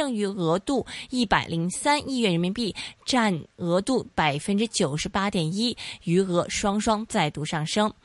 剩餘額度一百零三億元人民幣，占額度百分之九十八點一，餘額雙雙再度上升。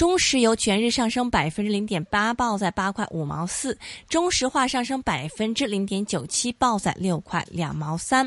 中石油全日上升百分之零點八，報在八塊五毛四。中石化上升百分之零點九七，報在六塊兩毛三。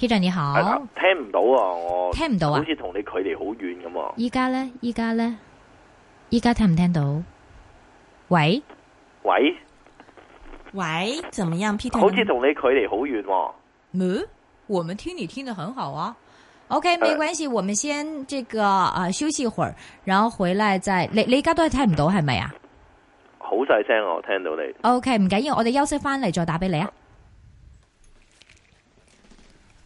Peter 你好，聽唔到啊！我聽唔到啊，到好似同你距離好遠咁。依家咧，依家咧，依家聽唔聽到？喂喂喂，怎麼樣，Peter？好似同你距離好遠。嗯？我們聽你聽得很好啊。OK，沒關係，我們先這個啊休息一會兒，然後回來再。你你依家都係聽唔到係咪啊？好細聲我聽到你。OK，唔緊要，我哋休息翻嚟再打俾你啊。嗯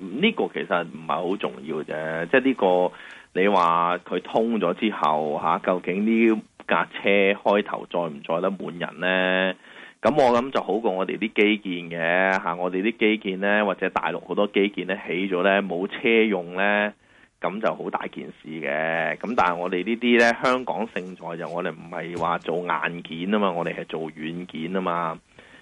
呢、這個其實唔係好重要啫，即係，這、呢個你話佢通咗之後嚇、啊，究竟呢架車開頭載唔載得滿人呢？咁我諗就好過我哋啲基建嘅嚇、啊，我哋啲基建呢，或者大陸好多基建呢，起咗呢冇車用呢，咁就好大件事嘅。咁、啊、但係我哋呢啲呢，香港勝在就我哋唔係話做硬件啊嘛，我哋係做軟件啊嘛。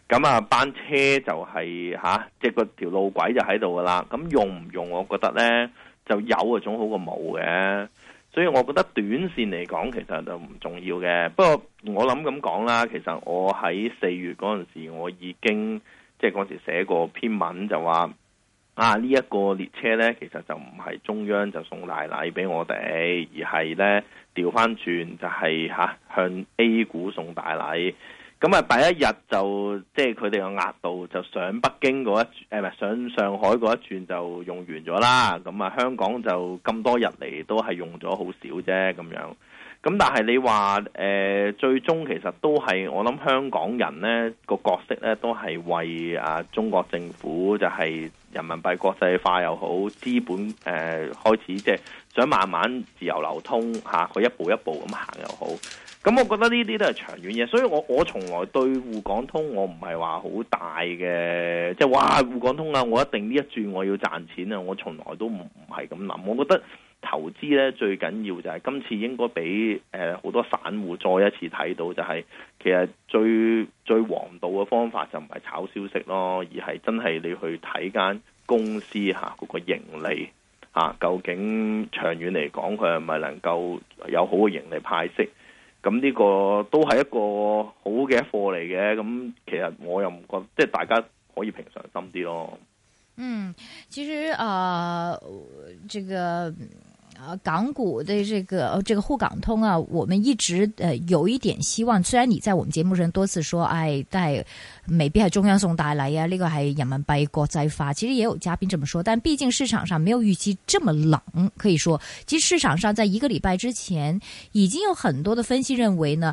咁啊，班車就係、係、吓，即係個條路軌就喺度噶啦。咁用唔用，我覺得呢就有啊，總好過冇嘅。所以，我覺得短線嚟講，其實就唔重要嘅。不過，我諗咁講啦，其實我喺四月嗰陣時，我已經即係嗰時寫過篇文，就話。啊！呢、這、一個列車呢，其實就唔係中央就送大禮俾我哋，而係呢調翻轉就係、是、嚇、啊、向 A 股送大禮。咁啊，第一日就即係佢哋個額度就上北京嗰一誒上上海嗰一轉就用完咗啦。咁啊，香港就咁多日嚟都係用咗好少啫咁樣。咁但係你話誒、呃，最終其實都係我諗香港人呢、那個角色呢，都係為啊中國政府就係、是。人民幣國際化又好，資本誒、呃、開始即係想慢慢自由流通嚇，佢、啊、一步一步咁行又好。咁我覺得呢啲都係長遠嘢，所以我我從來對滬港通我唔係話好大嘅，即係話滬港通啊，我一定呢一轉我要賺錢啊，我從來都唔唔係咁諗，我覺得。投資咧最緊要就係今次應該俾誒好多散戶再一次睇到，就係、是、其實最最王道嘅方法就唔係炒消息咯，而係真係你去睇間公司嚇嗰個盈利嚇、啊，究竟長遠嚟講佢係咪能夠有好嘅盈利派息？咁呢個都係一個好嘅貨嚟嘅。咁其實我又唔覺得，即係大家可以平常心啲咯。嗯，其實啊、呃，這個。港股的這個這個滬港通啊，我們一直呃有一點希望。雖然你在我們節目上多次說，哎，在美幣還中央送大來呀、啊，那、這個還人民幣國際化。其實也有嘉賓這麼說。但畢竟市場上沒有預期這麼冷，可以說，其實市場上在一個禮拜之前，已經有很多的分析認為呢。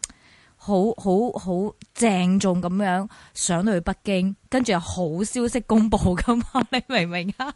好好好鄭重咁樣上到去北京，跟住又好消息公布噶嘛？你明唔明啊？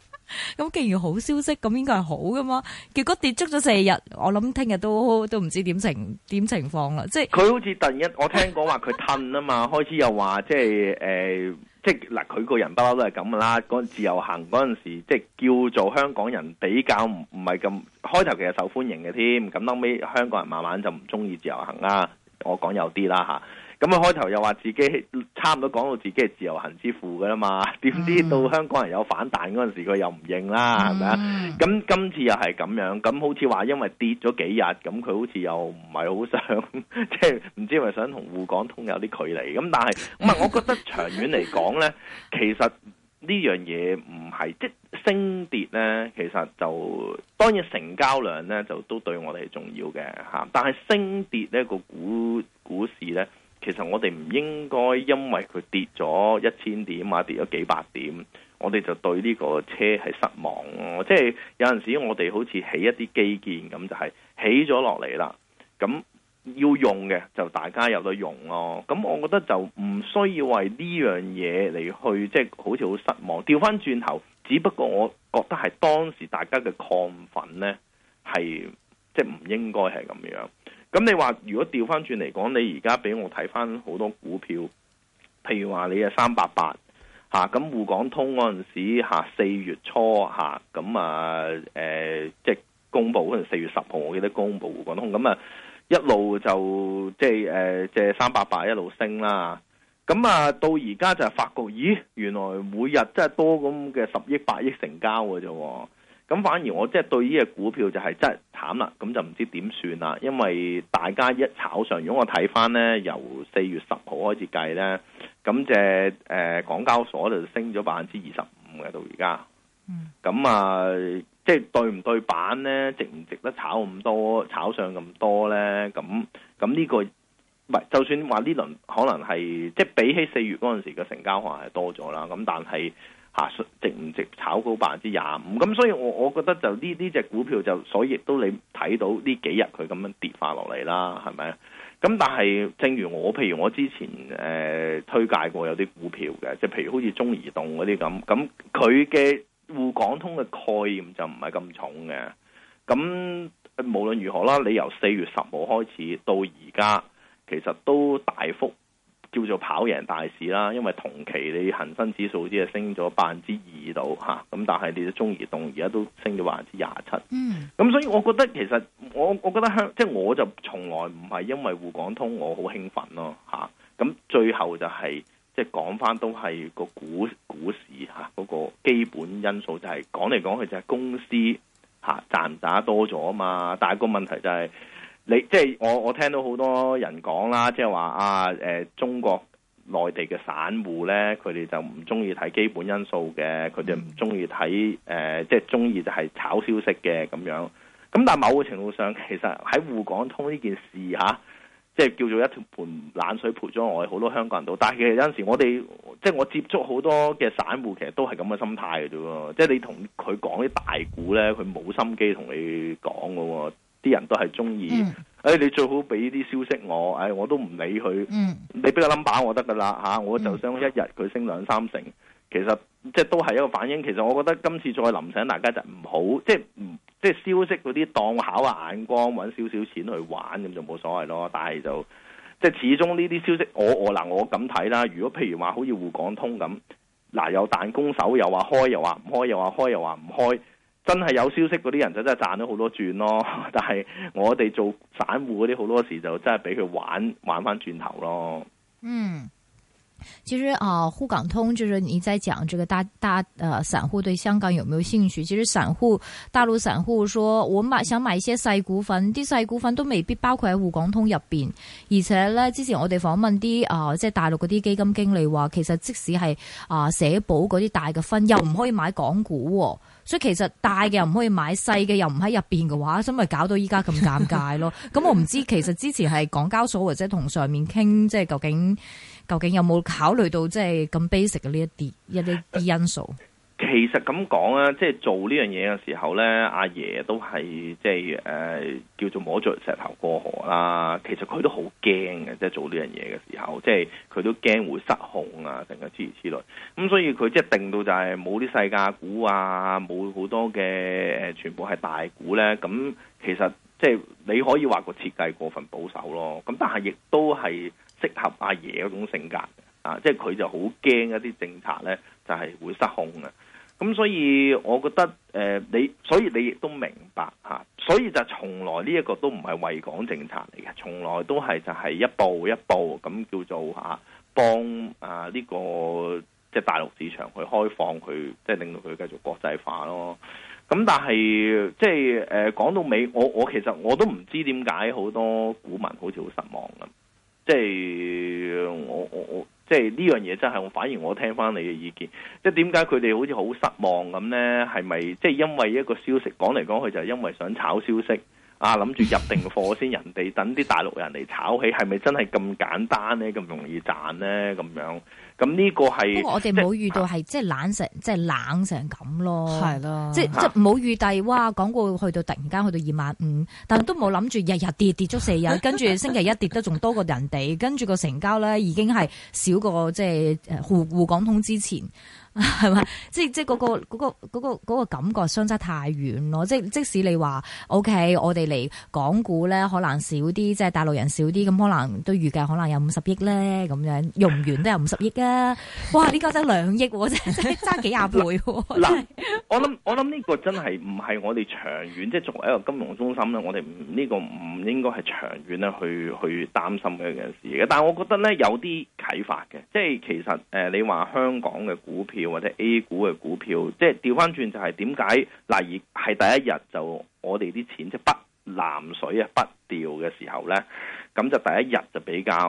咁 既然好消息，咁應該係好噶嘛？結果跌足咗四日，我諗聽日都都唔知點情點情況啦。即係佢好似突然一，我聽講話佢褪啊嘛， 開始又話即係誒，即係嗱，佢、呃、個人不嬲都係咁噶啦。嗰陣自由行嗰陣時，即係叫做香港人比較唔唔係咁開頭其實受歡迎嘅添。咁後尾香港人慢慢就唔中意自由行啦。我講有啲啦吓，咁啊開頭又話自己差唔多講到自己係自由行之父㗎啦嘛，點知到香港人有反彈嗰陣時，佢又唔認啦，係咪啊？咁今次又係咁樣，咁好似話因為跌咗幾日，咁佢好似又唔係好想，即係唔知係咪想同滬港通有啲距離？咁但係唔 我覺得長遠嚟講呢，其實呢樣嘢唔係即。就是升跌咧，其實就當然成交量咧，就都對我哋係重要嘅嚇。但係升跌呢個股股市咧，其實我哋唔應該因為佢跌咗一千點啊，跌咗幾百點，我哋就對呢個車係失望。即係有陣時我哋好似起一啲基建咁，就係起咗落嚟啦。咁要用嘅就大家有得用咯。咁我覺得就唔需要為呢樣嘢嚟去即係好似好失望。調翻轉頭。只不過我覺得係當時大家嘅亢奮呢，係即係唔應該係咁樣。咁你話如果調翻轉嚟講，你而家俾我睇翻好多股票，譬如話你嘅三八八嚇，咁滬港通嗰陣時啊、四月初嚇，咁啊誒、啊呃，即係公佈可能四月十號我記得公佈滬港通，咁啊一路就即係借三八八一路升啦。咁啊，到而家就係發覺，咦，原來每日真係多咁嘅十億、八億成交嘅啫。咁反而我即係對呢隻股票就係真係慘啦。咁就唔知點算啦。因為大家一炒上，如果我睇翻呢，由四月十號開始計呢，咁即係港交所就升咗百分之二十五嘅到而家。咁啊，即係對唔對版呢？值唔值得炒咁多？炒上咁多呢？咁咁呢個？唔就算話呢輪可能係即係比起四月嗰陣時嘅成交可能係多咗啦，咁但係嚇值唔值炒高百分之廿五？咁所以我我覺得就呢呢隻股票就所以亦都你睇到呢幾日佢咁樣跌返落嚟啦，係咪？咁但係正如我譬如我之前誒、呃、推介過有啲股票嘅，即係譬如好似中移動嗰啲咁，咁佢嘅滬港通嘅概念就唔係咁重嘅。咁無論如何啦，你由四月十號開始到而家。其實都大幅叫做跑贏大市啦，因為同期你恒生指數只係升咗百分之二度吓，咁、啊、但係你中移動而家都升咗百分之廿七，嗯，咁所以我覺得其實我我覺得香即係我就從來唔係因為滬港通我好興奮咯吓，咁、啊、最後就係、是、即係講翻都係個股股市吓、啊、嗰、那個基本因素就係講嚟講去就係公司吓賺唔賺多咗嘛，但係個問題就係、是。你即係我，我聽到好多人講啦，即係話啊，誒、呃，中國內地嘅散戶咧，佢哋就唔中意睇基本因素嘅，佢哋唔中意睇，誒、呃，即係中意就係炒消息嘅咁樣。咁但係某個程度上，其實喺滬港通呢件事啊，即係叫做一條盆冷水潑咗我哋好多香港人度。但係其實有陣時候我哋，即係我接觸好多嘅散戶，其實都係咁嘅心態嘅啫。即係你同佢講啲大股咧，佢冇心機同你講噶。啲人都係中意，誒、嗯哎、你最好俾啲消息我。誒、哎、我都唔理佢，你俾個冧把我得噶啦嚇，我就想一日佢升兩三成，其實即係都係一個反應。其實我覺得今次再臨醒大家就唔好，即係即係消息嗰啲檔口啊眼光揾少少錢去玩咁就冇所謂咯。但係就即係始終呢啲消息，我我嗱我咁睇啦。如果譬如話好似滬港通咁，嗱有彈弓手又話開又話唔開又話開又話唔開。真係有消息嗰啲人就真係賺咗好多轉咯。但係我哋做散戶嗰啲好多時就真係俾佢玩玩翻轉頭咯。嗯，其實啊，滬、呃、港通就係你齋講，這個大大誒、呃、散戶對香港有沒有興趣？其實散戶大陸散戶，說我買想買一些細股份，啲細股份都未必包括喺滬港通入邊。而且呢，之前我哋訪問啲啊，即、呃、係、就是、大陸嗰啲基金經理話，其實即使係啊、呃、社保嗰啲大嘅分又唔可以買港股，哦。所以其實大嘅又唔可以買，細嘅又唔喺入邊嘅話，咁咪搞到依家咁尷尬咯。咁我唔知其實之前係港交所或者同上面傾，即係究竟究竟有冇考慮到即係咁 basic 嘅呢一啲一啲因素。其實咁講啊，即係做呢樣嘢嘅時候呢，阿爺都係即係誒，叫做摸著石頭過河啦。其實佢都好驚嘅，即係做呢樣嘢嘅時候，即係佢都驚會失控啊，定係諸如此類。咁所以佢即係定到就係冇啲世界股啊，冇好多嘅全部係大股呢。咁其實即係你可以話個設計過分保守咯。咁但係亦都係適合阿爺嗰種性格啊，即係佢就好驚一啲政策呢，就係會失控嘅。咁所以，我覺得誒你，所以你亦都明白嚇，所以就從來呢一個都唔係惠港政策嚟嘅，從來都係就係一步一步咁叫做嚇幫啊呢個即係大陸市場去開放佢，即係令到佢繼續國際化咯。咁但係即係誒講到尾，我我其實我都唔知點解好多股民好似好失望咁，即係我我我。我即係呢樣嘢真係，反而我聽翻你嘅意見，即係點解佢哋好似好失望咁呢？係咪即係因為一個消息講嚟講去就係因為想炒消息啊？諗住入定貨先，人哋等啲大陸人嚟炒起，係咪真係咁簡單呢？咁容易賺呢？咁樣？咁呢個係，不過我哋冇遇到係即係冷成，即係冷成咁咯。係咯，即係、啊、即係冇預計哇！港股去到突然間去到二萬五，但都冇諗住日日跌跌足四日，跟住星期一跌得仲多過人哋，跟住個成交咧已經係少過即係誒滬滬港通之前。係嘛？即即嗰、那個嗰、那個嗰、那個、那個感覺相差太遠咯！即即使你話 O K，我哋嚟港股咧，可能少啲，即係大陸人少啲，咁可能都預計可能有五十億咧，咁樣用唔完都有五十億啦！哇！呢、這、家、個、真兩億啫，即差幾廿倍喎！嗱， 我諗我諗呢個真係唔係我哋長遠，即係作為一個金融中心咧，我哋唔呢個唔應該係長遠咧去去擔心嘅一件事嘅。但係我覺得咧有啲啟發嘅，即係其實、呃、你話香港嘅股票。或者 A 股嘅股票，即係調翻轉就係點解？例如係第一日就我哋啲錢即係、就是、不藍水啊，不調嘅時候呢，咁就第一日就比較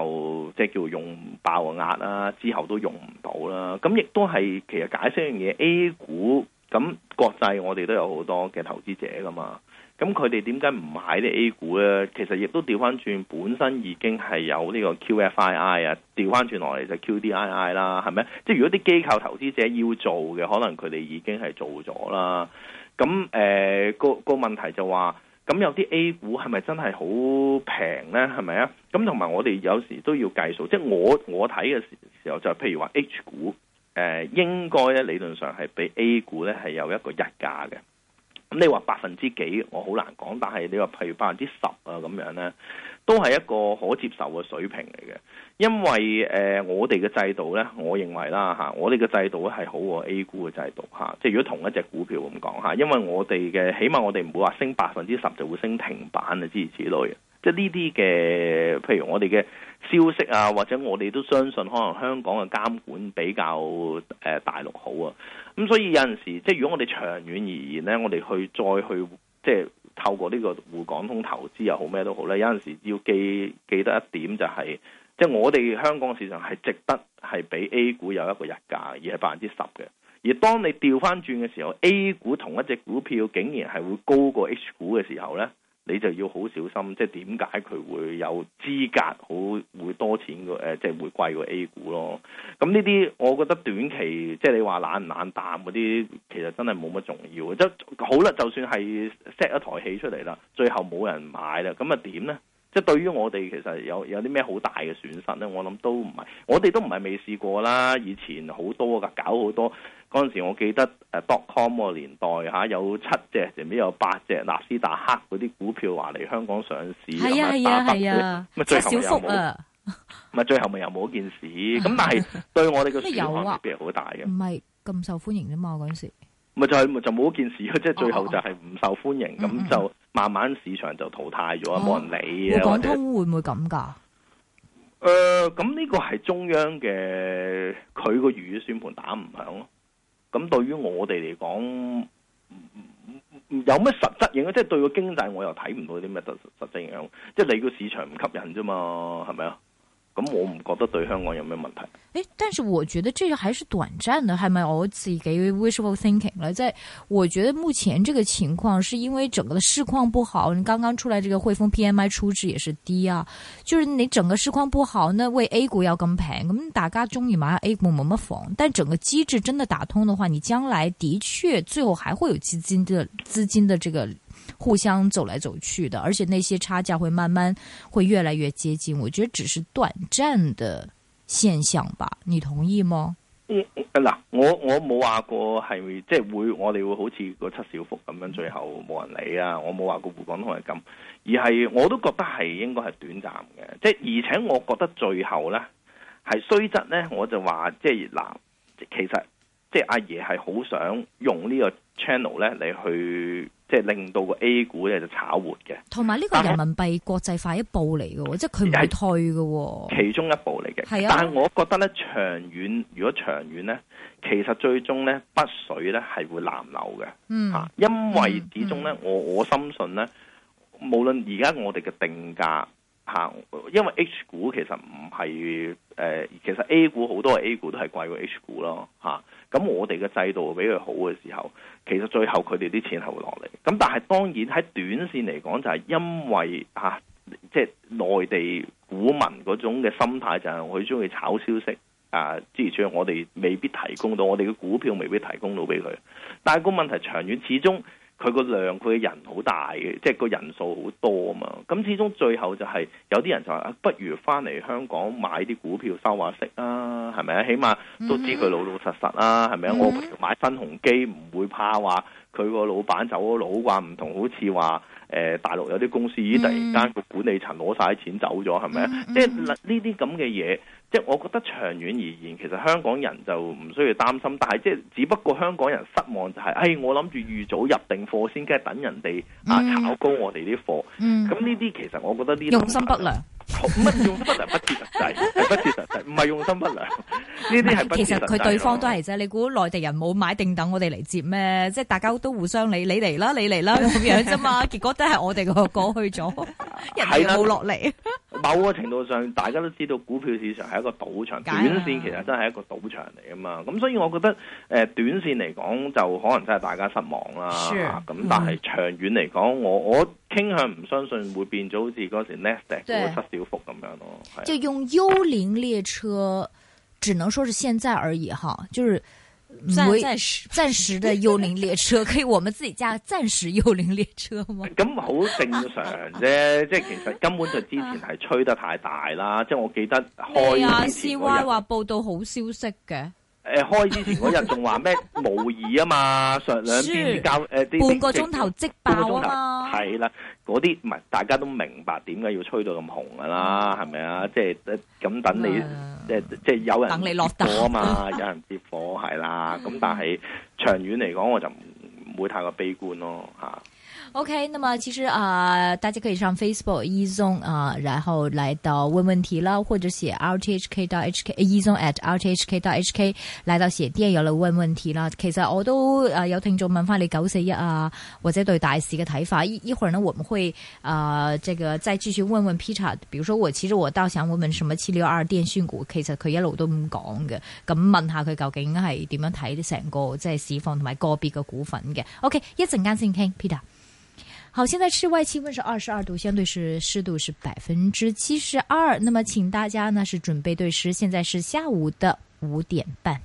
即係叫用爆嘅額啦，之後都用唔到啦。咁亦都係其實解釋一樣嘢 A 股咁國際，我哋都有好多嘅投資者噶嘛。咁佢哋點解唔買啲 A 股咧？其實亦都調翻轉，本身已經係有呢個 QFII 啊，調翻轉落嚟就 QDII 啦，係咪？即係如果啲機構投資者要做嘅，可能佢哋已經係做咗啦。咁誒、呃、個個問題就話，咁有啲 A 股係咪真係好平咧？係咪啊？咁同埋我哋有時都要計數，即係我我睇嘅時候就係譬如話 H 股誒、呃，應該咧理論上係比 A 股咧係有一個日價嘅。咁你話百分之幾，我好難講。但係你話譬如百分之十啊，咁樣呢都係一個可接受嘅水平嚟嘅。因為誒、呃，我哋嘅制度呢，我認為啦吓、啊，我哋嘅制度咧係好過 A 股嘅制度吓、啊。即係如果同一隻股票咁講吓，因為我哋嘅，起碼我哋唔會話升百分之十就會升停板啊之之類即係呢啲嘅，譬如我哋嘅消息啊，或者我哋都相信可能香港嘅監管比較、呃、大陸好啊。咁所以有陣時，即係如果我哋長遠而言咧，我哋去再去即係透過呢、這個滬港通投資又好咩都好咧，有陣時要記記得一點就係、是、即係我哋香港市場係值得係比 A 股有一個日價而係百分之十嘅。而當你調翻轉嘅時候，A 股同一隻股票竟然係會高過 H 股嘅時候咧。你就要好小心，即係點解佢會有資格好會多錢個誒，即係會貴過 A 股咯。咁呢啲我覺得短期即係你話冷唔冷淡嗰啲，其實真係冇乜重要。即係好啦，就算係 set 一台戲出嚟啦，最後冇人買啦，咁啊點呢？即係對於我哋其實有有啲咩好大嘅損失呢？我諗都唔係，我哋都唔係未試過啦。以前好多噶，搞好多。嗰陣時，我記得誒 dotcom 個年代嚇、啊，有七隻，前面有八隻納斯達克嗰啲股票話嚟香港上市，咁啊打不對，咪、啊啊啊啊、最後咪又冇件事。咁 但係對我哋個市場嘅影響特好大嘅。唔係咁受歡迎啫嘛，嗰陣時咪就係、是、就冇一件事即係、哦、最後就係唔受歡迎，咁、嗯嗯、就慢慢市場就淘汰咗，冇、哦、人理啊。滬港通會唔會咁㗎？誒，咁、呃、呢個係中央嘅，佢個如意算盤打唔響咯。咁對於我哋嚟講，有咩實質影響？即係對個經濟我又睇唔到啲咩實實質影響。即係你個市場唔吸引啫嘛，係咪啊？咁我唔覺得對香港有咩問題。誒，但是我覺得這個還是短暫的，還係咪？我自己 wishful thinking 了在，我覺得目前這個情況是因為整個的市況不好。你剛剛出來這個匯豐 PMI 初值也是低啊。就是你整個市況不好，那為 A 股要更賠。我們打噶中意嘛？A 股冇乜防，但整個機制真的打通的話，你將來的確最後還會有基金的資金的這個互相走來走去的，而且那些差價會慢慢會越來越接近，我覺得只是短暫的現象吧？你同意嗎？嗱，我我冇話過係即係會，我哋會好似個七小福咁樣，最後冇人理啊！我冇話過滬港通係咁，而係我都覺得係應該係短暫嘅，即係而且我覺得最後咧係雖則咧，我就話即係嗱，其實即係阿爺係好想用呢個 channel 咧嚟去。即係令到個 A 股咧就炒活嘅，同埋呢個人民幣國際化一步嚟嘅，即係佢唔係退嘅，其中一步嚟嘅。係啊，但係我覺得咧，長遠如果長遠咧，其實最終咧，北水咧係會南流嘅。嗯，吓，因為始終咧，我我深信咧、嗯嗯，無論而家我哋嘅定價。嚇，因為 H 股其實唔係誒，其實 A 股好多 A 股都係貴過 H 股咯，嚇、啊。咁我哋嘅制度比佢好嘅時候，其實最後佢哋啲錢係會落嚟。咁但係當然喺短線嚟講、啊，就係因為嚇，即係內地股民嗰種嘅心態就係佢中意炒消息啊，之而我哋未必提供到，我哋嘅股票未必提供到俾佢。但係個問題長遠始終。佢個量佢嘅人好大嘅，即係個人數好多啊嘛。咁始終最後就係、是、有啲人就話啊，不如翻嚟香港買啲股票收下息啊，係咪啊？起碼都知佢老老實實啊，係咪啊？Mm-hmm. 我買新鴻基唔會怕話佢個老闆走佬啩，唔同好似話、呃、大陸有啲公司咦突然間個管理層攞晒錢錢走咗，係咪啊？Mm-hmm. 即係呢啲咁嘅嘢。這即係我覺得長遠而言，其實香港人就唔需要擔心，但係即係只不過香港人失望就係、是，誒、哎、我諗住預早入定貨先，梗係等人哋啊炒高我哋啲貨。咁呢啲其實我覺得呢啲、就是、用心不良，乜用心不良不切實際，係 不切實際，唔係用心不良。呢啲係其實佢對方都係啫，你估內地人冇買定等我哋嚟接咩？即係大家都互相你你嚟啦，你嚟啦咁樣啫嘛，結果都係我哋個個過去咗， 人哋冇落嚟。某個程度上，大家都知道股票市場係一個賭場，短線其實真係一個賭場嚟啊嘛。咁所以我覺得，誒、呃、短線嚟講就可能真係大家失望啦。咁但係長遠嚟講，我我傾向唔相信會變咗好似嗰時 NASDAQ 嗰個七小福咁樣咯。就用幽靈列車，只能說是現在而已哈，就是。暫暫時的幽靈列車，可以我們自己駕暫時幽靈列車嗎？咁好正常啫、啊，即係其實根本就之前係吹得太大啦、啊。即係我記得開之前嗰日啊，C Y 話報道好消息嘅。誒、呃，開之前嗰日仲話咩模擬啊嘛？ 上兩邊交誒、呃，半個鐘頭即爆啊嘛，係啦。嗰啲唔係大家都明白點解要吹到咁紅㗎啦，係咪啊？即係等咁等你，即係即係有人落火啊嘛，有人接火係啦。咁 但係長遠嚟講，我就唔會太過悲觀咯嚇。O、okay, K，那麼其實啊、呃，大家可以上 Facebook E Zone 啊，然後來到問問題啦，或者寫 r t h k 到 h k e zone at r t h k 到 h k，來到寫啲嘢入嚟問問題啦。其實我都啊有聽眾問翻你九四一啊，或者對大市嘅睇法。一一會兒呢我們會啊、呃，這個再繼續問問 Peter。比如說我其實我倒想問問什麼七六二電訊股其實佢一路都唔講嘅，咁問下佢究竟係點樣睇成個即係市況同埋個別嘅股份嘅。O K，一陣間先傾 Peter。好，現在室外氣溫是二十二度，相對是濕度是百分之七十二。那麼，請大家呢是準備對時。現在是下午的五點半。